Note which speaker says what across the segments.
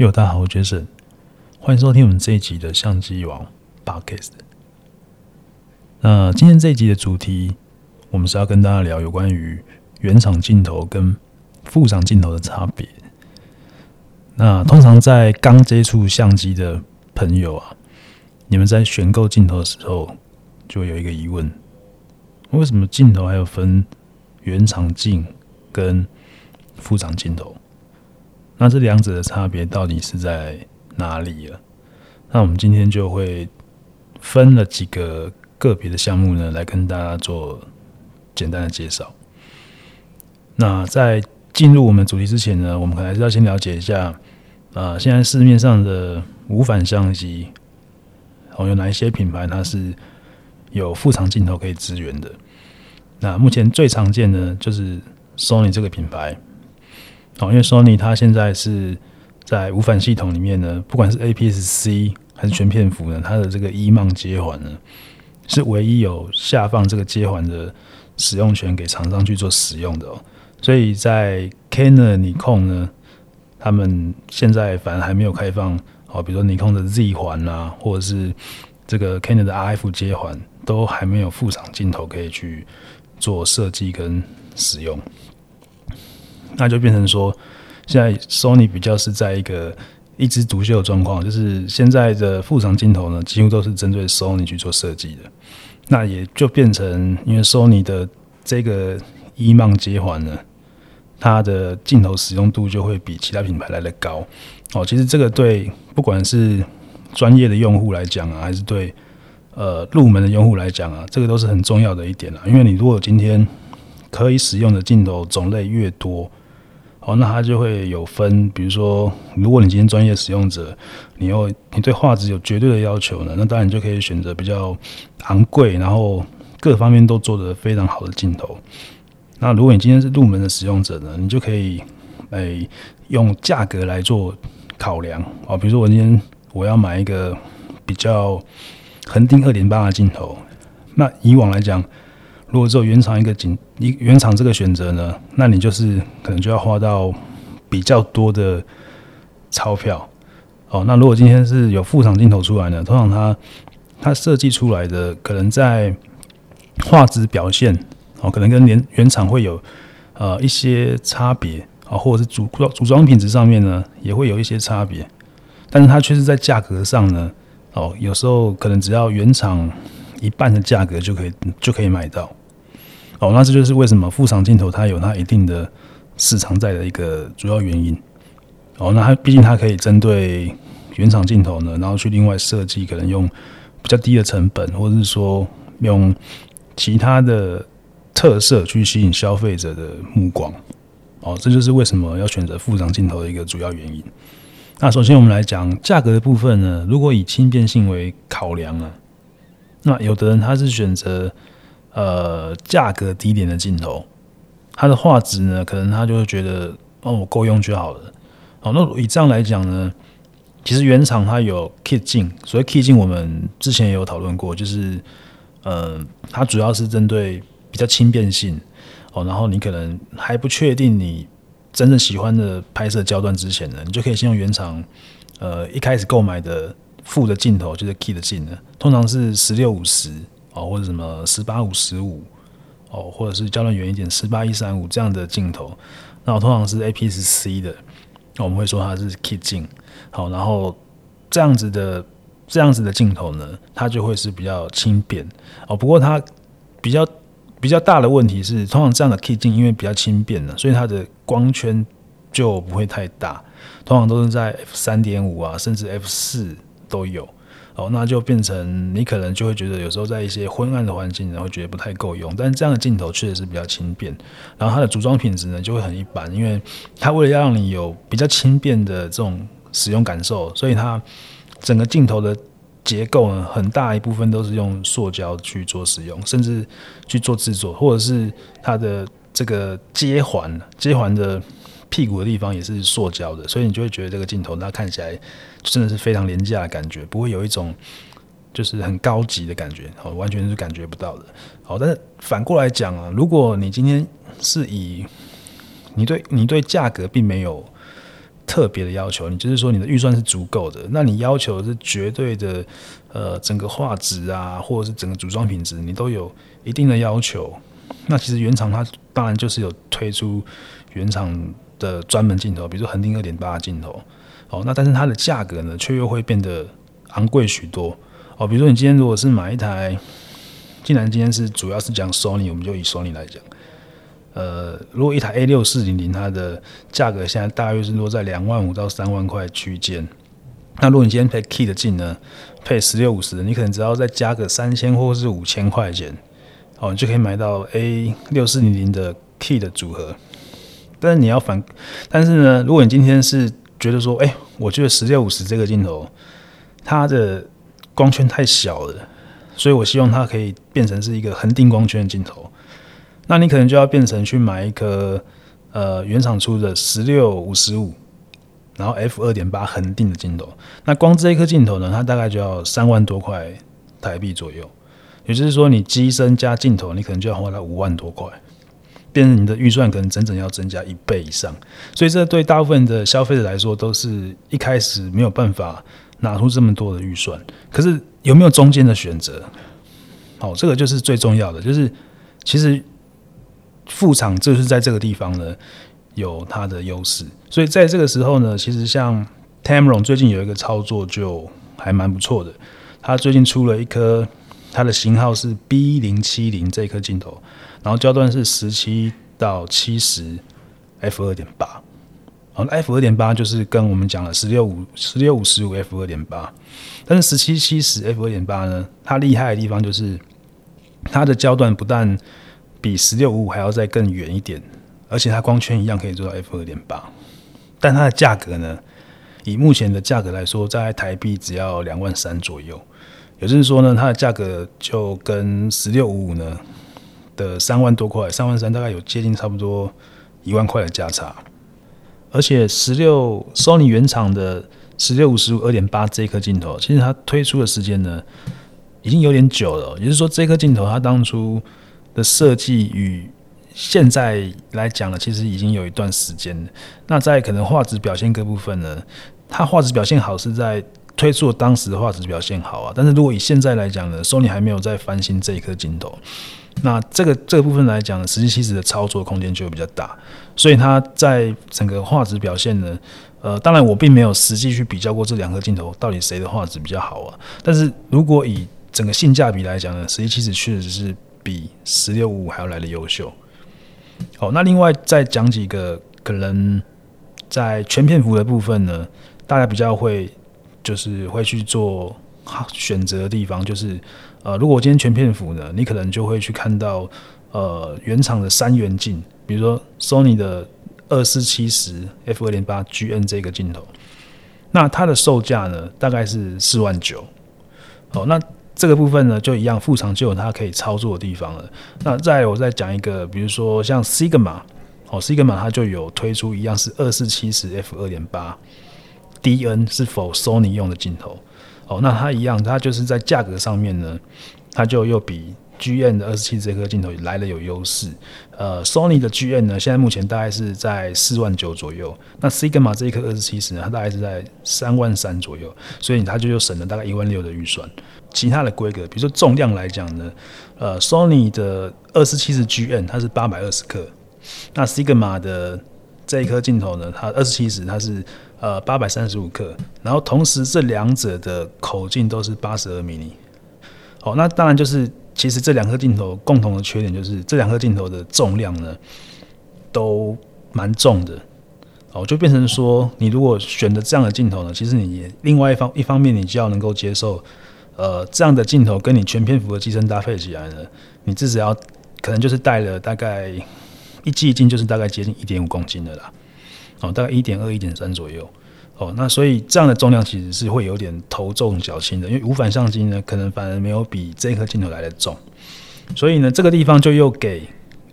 Speaker 1: Yo 大家好，我是 Jason，歡迎收聽我們這一集的相機王 Podcast。那今天這一集的主題，我們是要跟大家聊有關於原廠鏡頭跟副廠鏡頭的差別。那通常在剛接觸相機的朋友啊，你們在選購鏡頭的時候，就有一個疑問：為什麼鏡頭還有分原廠鏡跟副廠鏡頭？那這兩者的差別到底是在哪裡了、啊？那我們今天就會分了幾個個別的項目呢，來跟大家做簡單的介紹。那在進入我們主題之前呢，我們可能還是要先了解一下，啊、呃，現在市面上的無反相機，哦，有哪一些品牌它是有副廠鏡頭可以支援的？那目前最常見的就是 Sony 這個品牌。哦，因為 Sony 它現在是在無反系統裡面呢，不管是 APS-C 還是全片幅呢，它的這個 E-mount 接環呢，是唯一有下放這個接環的使用權給廠商去做使用的哦。所以在 Canon 尼康、呢，他們現在反而還沒有開放哦，比如說尼康的 Z 環啊，或者是這個 Canon 的 RF 接環，都還沒有副廠鏡頭可以去做設計跟使用。那就變成說，現在 Sony 比較是在一個一枝獨秀的狀況，就是現在的副廠鏡頭呢，幾乎都是針對 Sony 去做設計的。那也就變成，因為 Sony 的這個 E-Mount 接環呢，它的鏡頭使用度就會比其他品牌來得高。哦，其實這個對不管是專業的用戶來講啊，還是對呃入門的用戶來講啊，這個都是很重要的一點啦。因為你如果今天可以使用的鏡頭種類越多，哦，那它就會有分，比如說，如果你今天專業使用者，你又你對畫質有絕對的要求呢，那當然你就可以選擇比較昂貴，然後各方面都做得非常好的鏡頭。那如果你今天是入門的使用者呢，你就可以誒用價格來做考量啊。比如說，我今天我要買一個比較恆定二點八的鏡頭，那以往來講，如果只有原廠一個鏡一原廠這個選擇呢，那你就是可能就要花到比較多的鈔票。哦，那如果今天是有副廠鏡頭出來呢，通常它它設計出來的可能在畫質表現哦，可能跟原原廠會有呃一些差別啊，哦，或者是組裝組裝品質上面呢也會有一些差別，但是它卻是在價格上呢，哦，有時候可能只要原廠一半的價格就可以就可以買到。哦，那這就是為什麼副廠鏡頭它有它一定的市場在的一個主要原因。哦，那它畢竟它可以針對原廠鏡頭呢，然後去另外設計，可能用比較低的成本，或者是說用其他的特色去吸引消費者的目光。哦，這就是為什麼要選擇副廠鏡頭的一個主要原因。那首先我們來講，價格的部分呢，如果以輕便性為考量啊，
Speaker 2: 那有的人
Speaker 1: 他是選擇。呃，價格低點的鏡頭，它的畫質呢，可能他就會覺得哦，我夠用就好了。哦，那以這樣來講呢，其實原廠它有 kit 鏡，所以 kit 鏡我們之前也有討論過，就是呃，它主要是針對比較輕便性哦。然後你可能還不確定你真正喜歡的拍攝焦段之前呢，你就可以先用原廠呃一開始購買的副的鏡頭，就是 kit 鏡的，通常是十六五十。或者什麼十八五十五，哦，或者是焦段遠一點十八一三五這樣的鏡頭，那我通常是 APS-C 的，那我們會說它是 kit 鏡，好，然後這樣子的這樣子的鏡頭呢，它就會是比較輕便哦。不過它比較比較大的問題是，通常這樣的 kit 鏡因為比較輕便了，所以它的光圈就不會太大，通常都是在 f 三點五啊，甚至 f 四都有。哦，那就變成你可能就會覺得有時候在一些昏暗的環境，然後覺得不太夠用。但這樣的鏡頭確實是比較輕便，然後它的組裝品質呢就會很一般，因為它為了要讓你有比較輕便的這種使用感受，所以它整個鏡頭的結構呢很大一部分都是用塑膠去做使用，甚至去做製作，或者是它的這個接環，接環的。屁股的地方也是塑膠的，所以你就會覺得這個鏡頭它看起來真的是非常廉價的感覺，不會有一種就是很高級的感覺，好，完全是感覺不到的。好，但是反過來講啊，如果你今天是以你對你對價格並沒有特別的要求，你就是說你的預算是足夠的，那你要求的是絕對的，呃，整個畫質啊，或者是整個組裝品質，你都有一定的要求，那其實原廠它當然就是有推出原廠。的專門鏡頭，比如說恆定二點八的鏡頭，哦，那但是它的價格呢，卻又會變得昂貴許多，哦，比如說你今天如果是買一台，既然今天是主要是講索尼，我們就以索尼來講，呃，如果一台 A 六四零零，它的價格現在大約是落在兩萬五到三萬塊區間，那如果你今天配 K e y 的鏡呢，配十六五十的，你可能只要再加個三千或者是五千塊錢，哦，你就可以買到 A 六四零零的 K e y 的組合。但是你要反，但是呢，如果你今天是覺得說，哎，我覺得十六五十這個鏡頭，它的光圈太小了，所以我希望它可以變成是一個恆定光圈的鏡頭，那你可能就要變成去買一顆呃原廠出的十六五十五，然後 F 二點八恆定的鏡頭，那光這一顆鏡頭呢，它大概就要三萬多塊台幣左右，也就是說你機身加鏡頭，你可能就要花了五萬多塊。你的預算可能整整要增加一倍以上，所以這對大部分的消費者來說都是一開始沒有辦法拿出這麼多的預算。可是有沒有中間的選擇？好，這個就是最重要的，就是其實副廠就是在這個地方呢有它的優勢。所以在這個時候呢，其實像 Tamron 最近有一個操作就還蠻不錯的，它最近出了一顆它的型號是 B 零七零，這顆鏡頭。然後焦段是十七到七十，F 二點八，好，F 二點八就是跟我們講了十六五十六五十五 F 二點八，但是十七七十 F 二點八呢，它厲害的地方就是它的焦段不但比十六五五還要再更遠一點，而且它光圈一樣可以做到 F 二點八，但它的價格呢，以目前的價格來說，在台幣只要兩萬三左右，也就是說呢，它的價格就跟十六五五呢。的三萬多塊，三萬三大概有接近差不多一萬塊的價差，而且十六 Sony 原廠的十六五十五二點八這顆鏡頭，其實它推出的時間呢，已經有點久了，也就是說這顆鏡頭它當初的設計與現在來講呢，其實已經有一段時間了。那在可能畫質表現各部分呢，它畫質表現好是在推出當時的畫質表現好啊，但是如果以現在來講呢，Sony 還沒有再翻新這一顆鏡頭。那這個這個部分來講呢，十七七十的操作空間就會比較大，所以它在整個畫質表現呢，呃，當然我並沒有實際去比較過這兩顆鏡頭到底誰的畫質比較好啊。但是如果以整個性價比來講呢，十七七十確實是比十六五五還要來得優秀。好，那另外再講幾個可能在全片幅的部分呢，大家比較會就是會去做。選擇的地方就是，呃，如果今天全片幅呢，你可能就會去看到，呃，原廠的三元鏡，比如說 Sony 的二四七十 f 二點八 G M 這個鏡頭，那它的售價呢，大概是四萬九，哦，那這個部分呢就一樣，副廠就有它可以操作的地方了。那再我再講一個，比如說像 Sigma，哦，Sigma 它就有推出一樣是二四七十 f 二點八 D N 是 for Sony 用的鏡頭。哦，那它一樣，它就是在價格上面呢，它就又比 GM 的2470這顆鏡頭來得有優勢。呃，Sony 的 GM 呢，現在目前大概是在四萬九左右。那 Sigma 這一顆2470呢，它大概是在三萬三左右，所以它就又省了大概一萬六的預算。其他的規格，比如說重量來講呢，呃，Sony 的2470 GM 它是八百二十克，那 Sigma 的這一顆鏡頭呢，它2470它是。呃，八百三十五克，然後同時這兩者的口徑都是八十二毫米。好，那當然就是，其實這兩顆鏡頭共同的缺點就是，這兩顆鏡頭的重量呢，都蠻重的。哦，就變成說，你如果選擇這樣的鏡頭呢，其實你也另外一方一方面你就要能夠接受，呃，這樣的鏡頭跟你全片幅的機身搭配起來呢，你至少可能就是帶了大概一機一鏡，就是大概接近一點五公斤的啦。哦，大概一點二、一點三左右。哦，那所以這樣的重量其實是會有點頭重腳輕的，因為無反相機呢，可能反而沒有比這顆鏡頭來得重。所以呢，這個地方就又給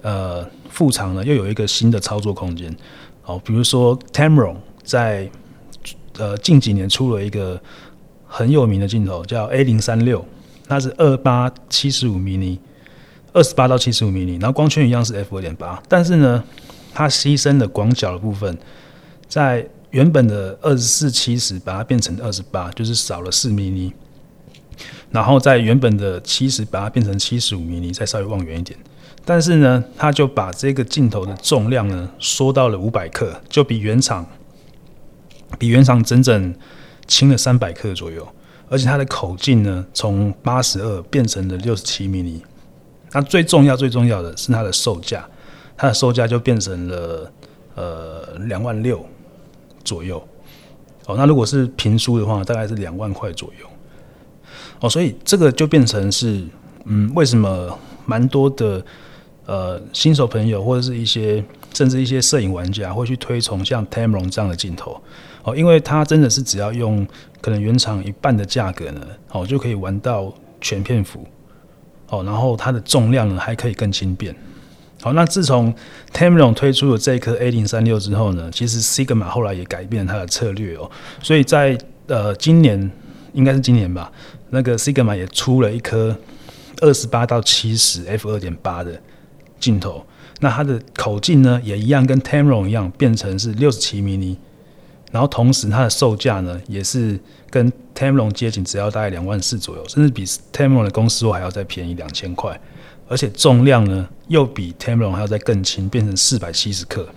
Speaker 1: 呃副廠呢又有一個新的操作空間。哦，比如說 Tamron 在呃近幾年出了一個很有名的鏡頭，叫 A 零三六，它是二八七十五 mm，二十八到七十五 mm，然後光圈一樣是 F 二點八，但是呢。它犧牲了廣角的部分，在原本的二十四七十把它變成二十八，就是少了四毫米。然後在原本的七十把它變成七十五毫米，再稍微望遠一點。但是呢，它就把這個鏡頭的重量呢，縮到了五百克，就比原廠比原廠整整輕了三百克左右。而且它的口徑呢，從八十二變成了六十七毫米。那最重要、最重要的是它的售價。它的售價就變成了呃兩萬六左右，哦，那如果是平輸的話，大概是兩萬塊左右，哦，所以這個就變成是嗯，為什麼蠻多的呃新手朋友或者是一些甚至一些攝影玩家會去推崇像 Tamron 這樣的鏡頭哦，因為它真的是只要用可能原廠一半的價格呢，哦，就可以玩到全片幅，哦，然後它的重量呢還可以更輕便。好，那自從 Tamron 推出了這顆 A 零三六之後呢，其實 Sigma 後來也改變了它的策略哦、喔，所以在呃今年應該是今年吧，那個 Sigma 也出了一顆二十八到七十 f 二點八的鏡頭，那它的口徑呢也一樣跟 Tamron 一樣變成是六十七毫米，然後同時它的售價呢也是跟 Tamron 接近，只要大概兩萬四左右，甚至比 Tamron 的公司貨還要再便宜兩千塊。而且重量呢，又比 Tamron 還要再更輕，變成四百七十克。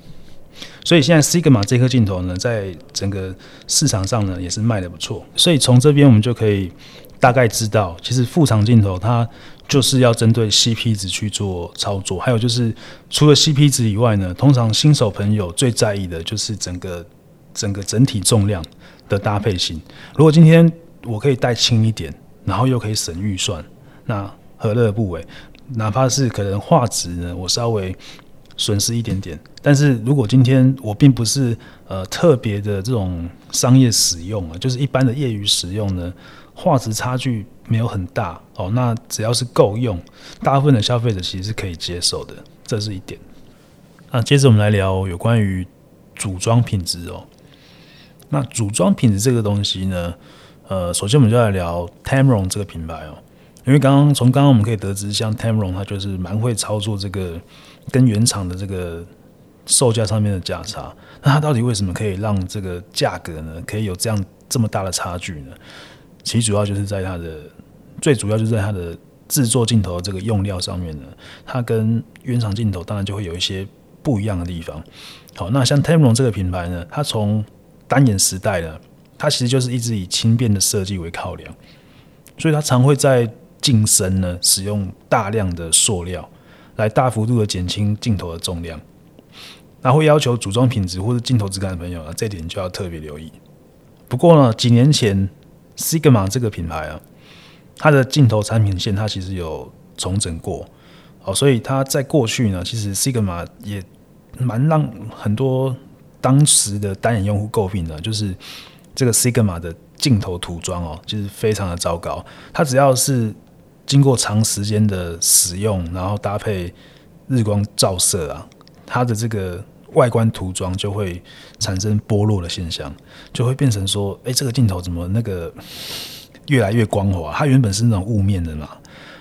Speaker 1: 所以現在 Sigma 這顆鏡頭呢，在整個市場上呢，也是賣得不錯。所以從這邊我們就可以大概知道，其實副廠鏡頭它就是要針對 CP 值去做操作。還有就是，除了 CP 值以外呢，通常新手朋友最在意的就是整個整個整體重量的搭配性。如果今天我可以帶輕一點，然後又可以省預算，那何樂不為？哪怕是可能畫質呢，我稍微損失一點點。但是如果今天我並不是呃特別的這種商業使用啊，就是一般的業餘使用呢，畫質差距沒有很大哦。那只要是夠用，大部分的消費者其實是可以接受的，這是一點。那接着我們來聊有關於組裝品質哦。那組裝品質這個東西呢，呃，首先我們就來聊 Tamron 這個品牌哦。因為剛剛從剛剛我們可以得知，像 Tamron 它，就是蠻會操作這個跟原廠的這個售價上面的價差。那它到底為什麼可以讓這個價格呢，可以有這樣這麼大的差距呢？其主要就是在它的最主要就是在它的製作鏡頭這個用料上面呢，它跟原廠鏡頭當然就會有一些不一樣的地方。好，那像 Tamron 這個品牌呢，它從單眼時代呢，它其實就是一直以輕便的設計為考量，所以它常會在鏡身呢，使用大量的塑料來大幅度的減輕鏡頭的重量，那會要求組裝品質或者鏡頭質感的朋友呢、啊，這點就要特別留意。不過呢，幾年前，Sigma 這個品牌啊，它的鏡頭產品線它其實有重整過，哦。所以它在過去呢，其實 Sigma 也蠻讓很多當時的單眼用戶詬病的，就是這個 Sigma 的鏡頭塗裝哦，就是非常的糟糕，它只要是。經過長時間的使用，然後搭配日光照射啊，它的這個外觀塗裝就會產生剝落的現象，就會變成說，哎，這個鏡頭怎麼那個越來越光滑？它原本是那種霧面的嘛，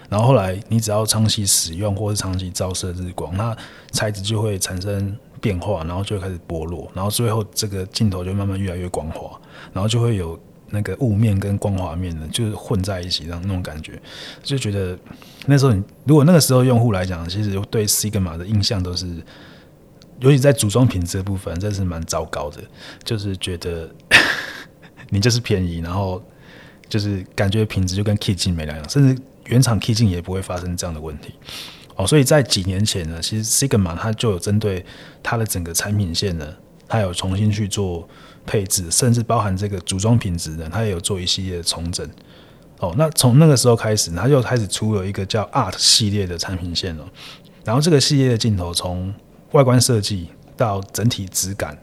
Speaker 1: 然後後來你只要長期使用或者長期照射日光，那材質就會產生變化，然後就會開始剝落，然後最後這個鏡頭就慢慢越來越光滑，然後就會有。那個霧面跟光滑面呢，就是混在一起這樣那種感覺，就覺得那時候你如果那個時候用戶來講，其實對 Sigma 的印象都是，尤其在組裝品質的部分，真是蠻糟糕的。就是覺得 你就是便宜，然後就是感覺品質就跟 kit 鏡沒兩樣，甚至原廠 kit 鏡也不會發生這樣的問題。哦，所以在幾年前呢，其實 Sigma 它就有針對它的整個產品線呢，它有重新去做。配置甚至包含這個組裝品質呢，它也有做一系列的重整。哦，那從那個時候開始，它就開始出了一個叫 Art 系列的產品線了。然後這個系列的鏡頭，從外觀設計到整體質感，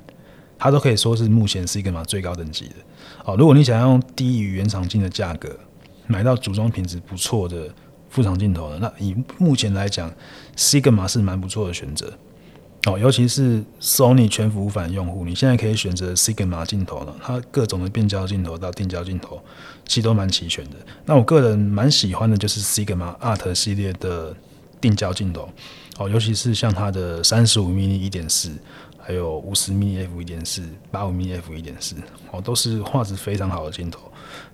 Speaker 1: 它都可以說是目前 Sigma 最高等級的。哦，如果你想要用低於原廠鏡的價格買到組裝品質不錯的副廠鏡頭呢，那以目前來講，Sigma 是蠻不錯的選擇。哦，尤其是 Sony 全幅無反用戶，你現在可以選擇 Sigma 鏡頭了。它各種的變焦鏡頭到定焦鏡頭，其實都蠻齊全的。那我個人蠻喜歡的就是 Sigma Art 系列的定焦鏡頭。哦，尤其是像它的三十五 mm 一點四，還有五十 mm f 一點四、八五 mm f 一點四，哦，都是畫質非常好的鏡頭。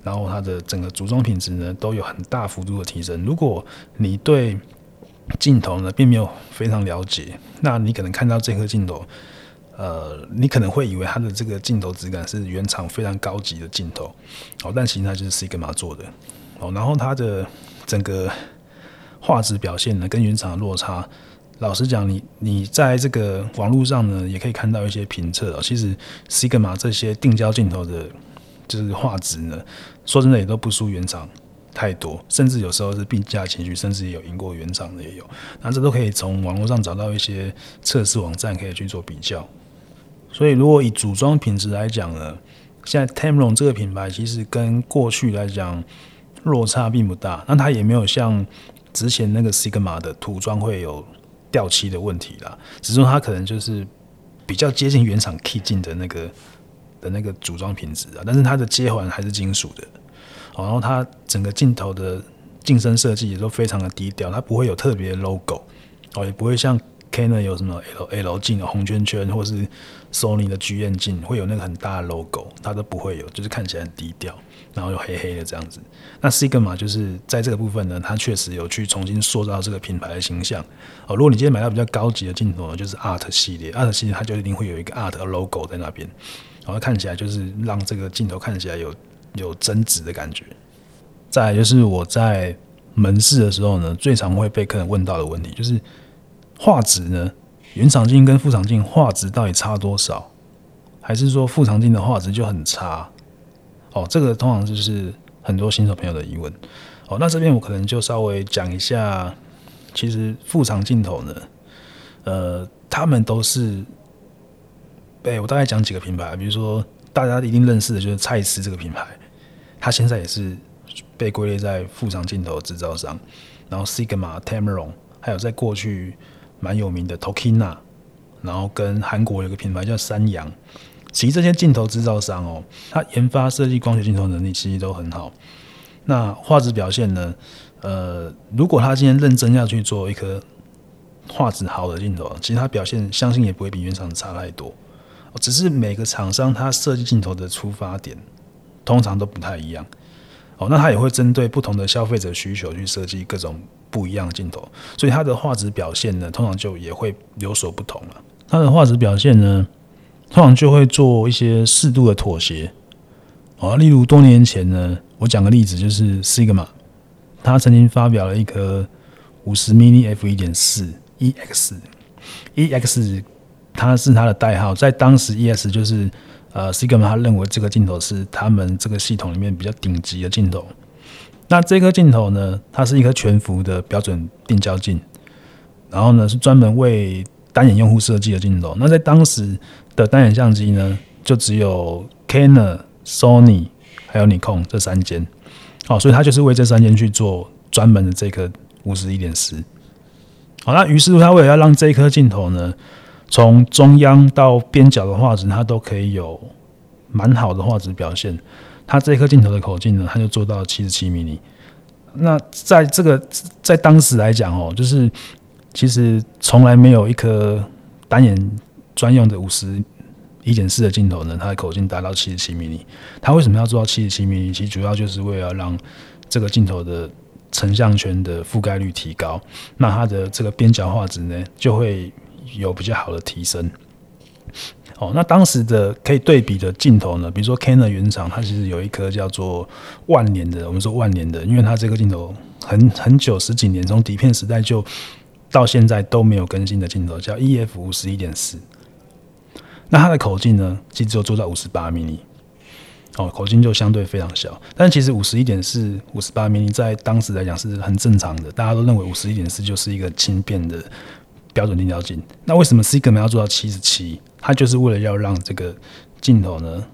Speaker 1: 然後它的整個組裝品質呢，都有很大幅度的提升。如果你對鏡頭呢，並沒有非常了解。那你可能看到這顆鏡頭，呃，你可能會以為它的這個鏡頭質感是原廠非常高級的鏡頭，哦，但其實它就是 Sigma 做的，哦，然後它的整個畫質表現呢，跟原廠的落差，老實講，你你在這個網絡上呢，也可以看到一些評測啊，其實 Sigma 這些定焦鏡頭的，就是畫質呢，說真的也都不輸原廠。太多，甚至有時候是並駕齊驅，甚至也有贏過原廠的也有。那這都可以從網絡上找到一些測試網站，可以去做比較。所以如果以組裝品質來講呢，現在 Tamron 這個品牌其實跟過去來講落差並不大，那它也沒有像之前那個 Sigma 的塗裝會有掉漆的問題啦。只是說它可能就是比較接近原廠 kit 鏡的那個的那個組裝品質啊，但是它的接環還是金屬的。哦，然後它整個鏡頭的鏡身設計也都非常的低調，它不會有特別的 logo，哦，也不會像 Canon 有什麼 L L 鏡啊、紅圈圈，或是 Sony 的 GM 鏡會有那個很大的 logo，它都不會有，就是看起來很低調，然後又黑黑的這樣子。那 Sigma 就是在這個部分呢，它確實有去重新塑造這個品牌的形象。哦，如果你今天買到比較高級的鏡頭呢，就是 Art 系列，Art 系列它就一定會有一個 Art 的 logo 在那邊，然後看起來就是讓這個鏡頭看起來有。有增值的感覺。再來就是我在門市的時候呢，最常會被客人問到的問題就是畫質呢，原廠鏡跟副廠鏡畫質到底差多少？還是說副廠鏡的畫質就很差？哦，這個通常就是很多新手朋友的疑問。哦，那這邊我可能就稍微講一下，其實副廠鏡頭呢，呃，他們都是，哎、欸，我大概講幾個品牌，比如說大家一定認識的就是蔡司這個品牌。他現在也是被歸類在副廠鏡頭製造商，然後 Sigma、Tamron，還有在過去蠻有名的 Tokina、ok、然後跟韓國有一個品牌叫三陽。其實這些鏡頭製造商哦、喔，他研發設計光學鏡頭能力其實都很好。那畫質表現呢？呃，如果他今天認真要去做一顆畫質好的鏡頭，其實他表現相信也不會比原廠差太多。只是每個廠商他設計鏡頭的出發點，通常都不太一樣，哦，那它也會針對不同的消費者需求去設計各種不一樣的鏡頭，所以它的畫質表現呢，通常就也會有所不同了啊。它的畫質表現呢，通常就會做一些適度的妥協。哦，例如多年前呢，我講個例子，就是 Sigma，它曾經發表了一顆五十 mm f 一點四 EX，EX 它是它的代號，在當時 EX 就是。呃 Sigma 他認為這個鏡頭是他們這個系統裡面比較頂級的鏡頭。那這顆鏡頭呢，它是一顆全幅的標準定焦鏡，然後呢是專門為單眼用戶設計的鏡頭。那在當時的單眼相機呢，就只有 Canon Sony 還有 Nikon 這三間，好，所以他就是為這三間去做專門的這顆五十一點四。好，那於是乎他為了要讓這一顆鏡頭呢，從中央到邊角的畫質，它都可以有蠻好的畫質表現。它這顆鏡頭的口徑呢，它就做到七十七毫米。那在這個在當時來講哦，就是其實從來沒有一顆單眼專用的五十一點四的鏡頭呢，它的口徑達到七十七毫米。它為什麼要做到七十七毫米？其實主要就是為了讓這個鏡頭的成像圈的覆蓋率提高，那它的這個邊角畫質呢就會。有比較好的提升哦、喔。那當時的可以對比的鏡頭呢？比如說 Canon 原廠，它其實有一顆叫做萬年的。我們說萬年的，因為它這個鏡頭很很久十幾年，從底片時代就到現在都沒有更新的鏡頭，叫 EF 五十一點四。那它的口徑呢，其實就做到五十八毫米。哦，口徑就相對非常小。但其實五十一點四、五十八毫米，在當時來講是很正常的。大家都認為五十一點四就是一個輕便的。標準定焦鏡，那為什麼 Sigma 要做到七十七？它就是為了要讓這個鏡頭呢，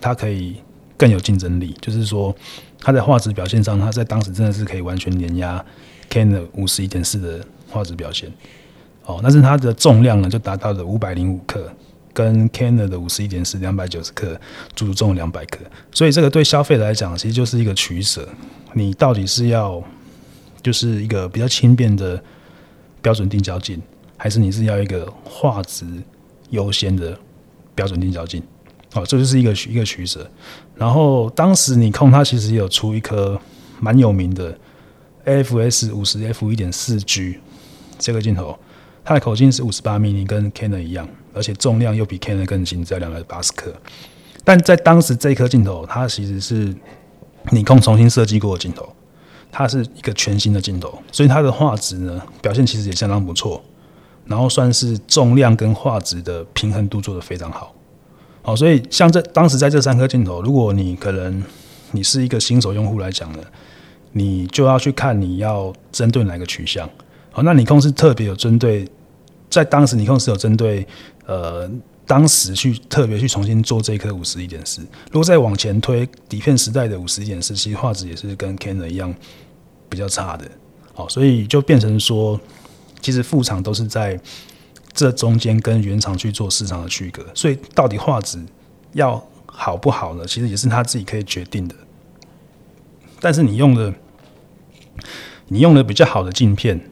Speaker 1: 它可以更有競爭力。就是說，它在畫質表現上，它在當時真的是可以完全碾壓 Canon 的五十一點四的畫質表現。哦，但是它的重量呢，就達到了五百零五克，跟 Canon 的五十一點四兩百九十克足足重了兩百克。所以這個對消費者來講，其實就是一個取舍。你到底是要，就是一個比較輕便的標準定焦鏡。還是你是要一個畫質優先的標準定焦鏡？哦，這就是一個取一個一個取舍。然後當時 Nikon 它，其實也有出一顆蠻有名的 A F S 五十 F 一點四 G 這個鏡頭，它的口徑是五十八毫米，跟 Canon 一樣，而且重量又比 Canon 更輕，只要兩百八十克。但在當時這顆鏡頭，它其實是 Nikon 重新設計過的鏡頭，它是一個全新的鏡頭，所以它的畫質呢表現其實也相當不錯。然後算是重量跟畫質的平衡度做得非常好，好，所以像這當時在這三顆鏡頭，如果你可能你是一個新手用戶來講呢，你就要去看你要針對哪個取向，好，那尼康特別有針對，在當時尼康有針對，呃，當時去特別去重新做這顆五十一點四，如果再往前推底片時代的五十一點四，其實畫質也是跟 Canon、er、一樣比較差的，好，所以就變成說。其實副廠都是在這中間跟原廠去做市場的區隔，所以到底畫質要好不好呢？其實也是他自己可以決定的。但是你用的，你用的比較好的鏡片，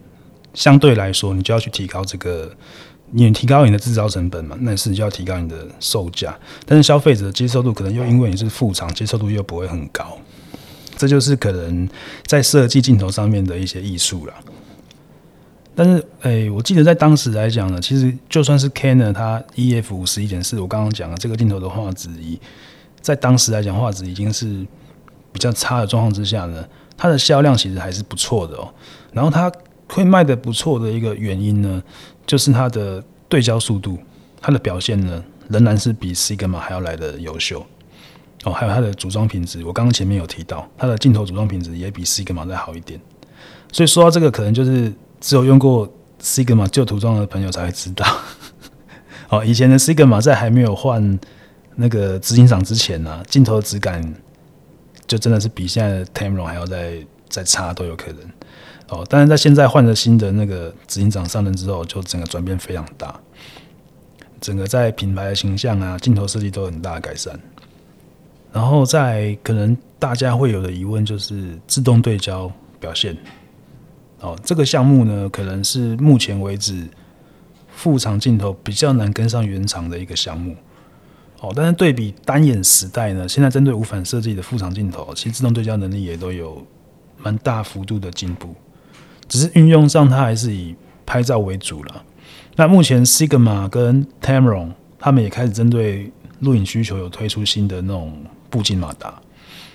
Speaker 1: 相對來說你就要去提高這個，你提高你的制造成本嘛，那是你就要提高你的售價。但是消費者的接受度可能又因為你是副廠，接受度又不會很高，這就是可能在設計鏡頭上面的一些藝術了。但是，哎、欸，我記得在當時來講呢，其實就算是 Canon 它 EF 五十一點四，我剛剛講了這個鏡頭的畫質，以在當時來講畫質已經是比較差的狀況之下呢，它的銷量其實還是不錯的哦、喔。然後它會賣得不錯的一個原因呢，就是它的對焦速度，它的表現呢仍然是比 Sigma 還要來得優秀哦。還有它的組裝品質，我剛剛前面有提到，它的鏡頭組裝品質也比 Sigma 再好一點。所以說到這個，可能就是。只有用過 Sigma 舊塗裝的朋友才會知道。 哦，以前的 Sigma 在還沒有換那個執行長之前呢、啊，鏡頭的質感就真的是比現在的 Tamron 還要再再差都有可能。哦，但是在現在換了新的那個執行長上任之後，就整個轉變非常大，整個在品牌的形象啊、鏡頭設計都有很大的改善。然後在可能大家會有的疑問就是自動對焦表現。哦，這個項目呢，可能是目前為止副廠鏡頭比較難跟上原廠的一個項目。哦，但是對比單眼時代呢，現在針對無反設計的副廠鏡頭，其實自動對焦能力也都有蠻大幅度的進步。只是運用上，它還是以拍照為主了。那目前 Sigma 跟 Tamron 他們也開始針對錄影需求有推出新的那種步進馬達。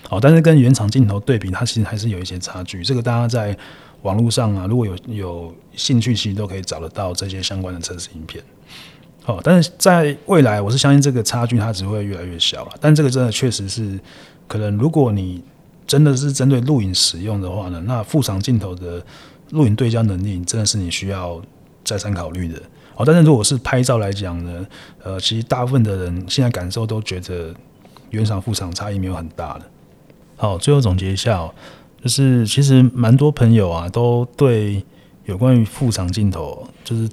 Speaker 1: 哦，但是跟原廠鏡頭對比，它其實還是有一些差距。這個大家在。網絡上啊，如果有有興趣，其實都可以找得到這些相關的測試影片。好、哦，但是在未來，我是相信這個差距它只會越來越小了。但這個真的確實是，可能如果你真的是針對錄影使用的話呢，那副廠鏡頭的錄影對焦能力真的是你需要再三考慮的。好、哦，但是如果是拍照來講呢，呃，其實大部分的人現在感受都覺得原廠副廠差異沒有很大了。好，最後總結一下、哦。就是其實蠻多朋友啊，都對有關於副廠鏡頭，就是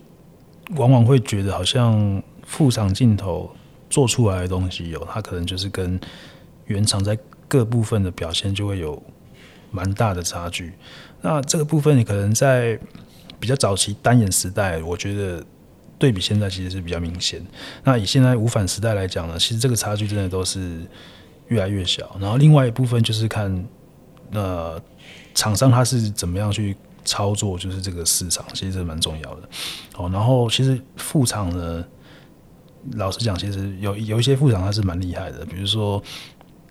Speaker 1: 往往會覺得好像副廠鏡頭做出來的東西有它可能就是跟原廠在各部分的表現就會有蠻大的差距。那這個部分你可能在比較早期單眼時代，我覺得對比現在其實是比較明顯。那以現在無反時代來講呢，其實這個差距真的都是越來越小。然後另外一部分就是看。呃，那廠商他是怎麼樣去操作？就是這個市場其實蠻重要的。哦，然後其實副廠呢，老實講，其實有有一些副廠它是蠻厲害的，比如說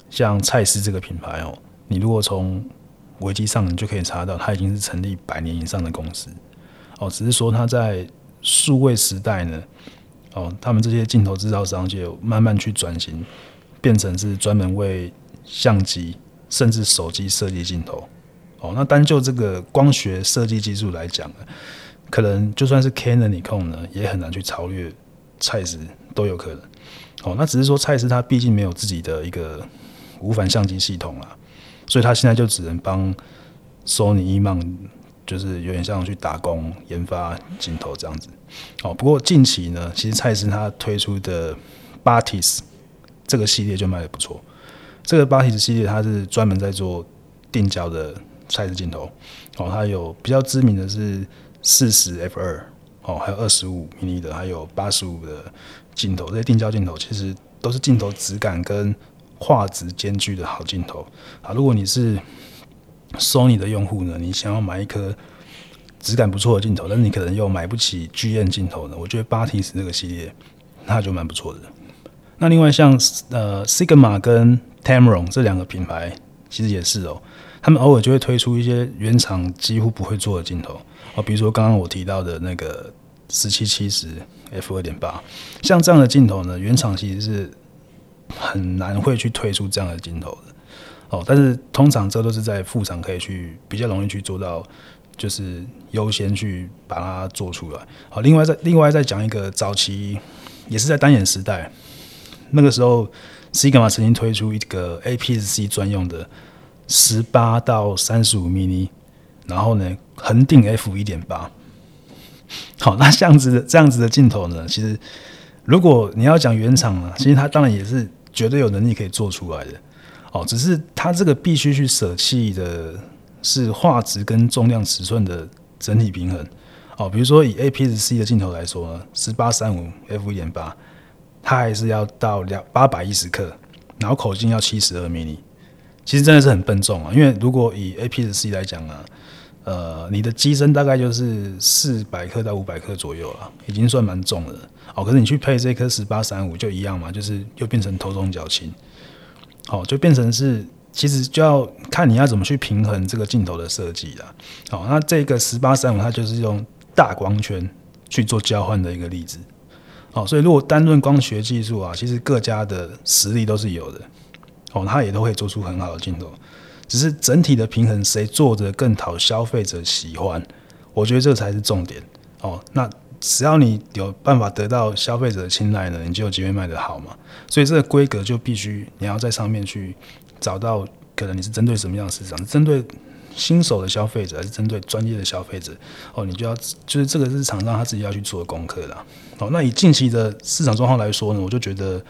Speaker 1: 像蔡司這個品牌哦，你如果從維基上你就可以查到，它已經是成立百年以上的公司哦。只是說它在數位時代呢，哦，他們這些鏡頭製造商就慢慢去轉型，變成是專門為相機。甚至手機設計鏡頭，哦，那單就這個光學設計技術來講呢，可能就算是 Canon、尼康呢，也很難去超越蔡司都有可能。哦，那只是說蔡司它畢竟沒有自己的一個無反相機系統啦，所以它現在就只能幫 Sony E-mount，就是有點像去打工研發鏡頭這樣子。哦，不過近期呢，其實蔡司它推出的 Batis 這個系列就賣得不錯。這個巴提斯系列，它是專門在做定焦的蔡司鏡頭，哦，它有比較知名的是四十 f 二哦，還有二十五 mm 的，還有八十五的鏡頭，這些定焦鏡頭其實都是鏡頭質感跟畫質兼具的好鏡頭啊。如果你是 Sony 的用戶呢，你想要買一顆質感不錯的鏡頭，但是你可能又買不起 GM 鏡頭呢，我覺得巴提斯這個系列它就蠻不錯的。那另外像呃，Sigma 跟 Tamron 這兩個品牌其實也是哦，他們偶爾就會推出一些原廠幾乎不會做的鏡頭哦，比如說剛剛我提到的那個十七七十 f 二點八，像這樣的鏡頭呢，原廠其實是很難會去推出這樣的鏡頭的哦。但是通常這都是在副廠可以去比較容易去做到，就是優先去把它做出來。好，另外再另外再講一個早期，也是在單眼時代那個時候。西格瑪曾經推出一個 APS-C 專用的十八到三十五 mini，然後呢恆定 f 一點八。好，那這樣子這樣子的鏡頭呢，其實如果你要講原廠呢，其實它當然也是絕對有能力可以做出來的。哦，只是它這個必須去捨棄的是畫質跟重量尺寸的整體平衡。哦，比如說以 APS-C 的鏡頭來說，十八三五 f 一點八。它還是要到兩八百一十克，然後口徑要七十二 mm，其實真的是很笨重啊。因為如果以 APS-C 來講啊，呃，你的機身大概就是四百克到五百克左右了，已經算蠻重了。哦，可是你去配這顆十八三五就一樣嘛，就是又變成頭重腳輕。好、哦，就變成是其實就要看你要怎麼去平衡這個鏡頭的設計了。好、哦，那這個十八三五它就是用大光圈去做交換的一個例子。哦，所以如果單論光學技術啊，其實各家的實力都是有的，哦，它也都會做出很好的鏡頭，只是整體的平衡，誰做的更討消費者喜歡，我覺得這才是重點。哦，那只要你有辦法得到消費者的青睞呢，你就有機會賣得好嘛。所以這個規格就必須你要在上面去找到，可能你是針對什麼樣的市場，針對。新手的消費者還是針對專業的消費者，哦，你就要就是這個日常上他自己要去做的功課的。哦，那以近期的市場狀況來說呢，我就覺得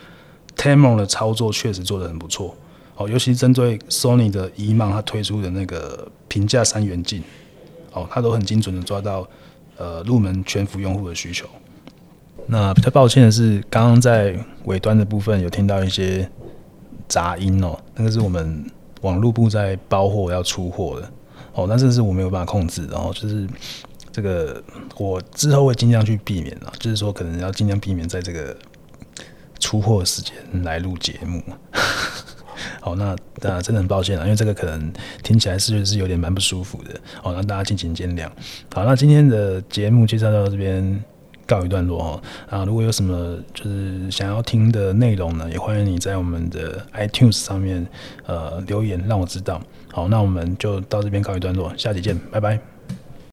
Speaker 1: Tamron 的操作確實做得很不錯。哦，尤其針對 Sony 的 E-Mount 它推出的那個平價三元鏡，哦，他都很精準的抓到呃入門全幅用戶的需求。那比較抱歉的是，剛剛在尾端的部分有聽到一些雜音哦，那個是我們網絡部在包貨要出貨的。哦，那這是我沒有辦法控制的，哦，然後就是這個我之後會盡量去避免了，啊，就是說可能要盡量避免在這個出貨時間來錄節目。 好，那那真的很抱歉了，啊，因為這個可能聽起來是是有點蠻不舒服的。哦，那大家敬請見諒。好，那今天的節目介紹到這邊告一段落哦。啊，如果有什麼就是想要聽的內容呢，也歡迎你在我們的 iTunes 上面呃留言，讓我知道。好，那我們就到這邊告一段落，下期見，拜拜。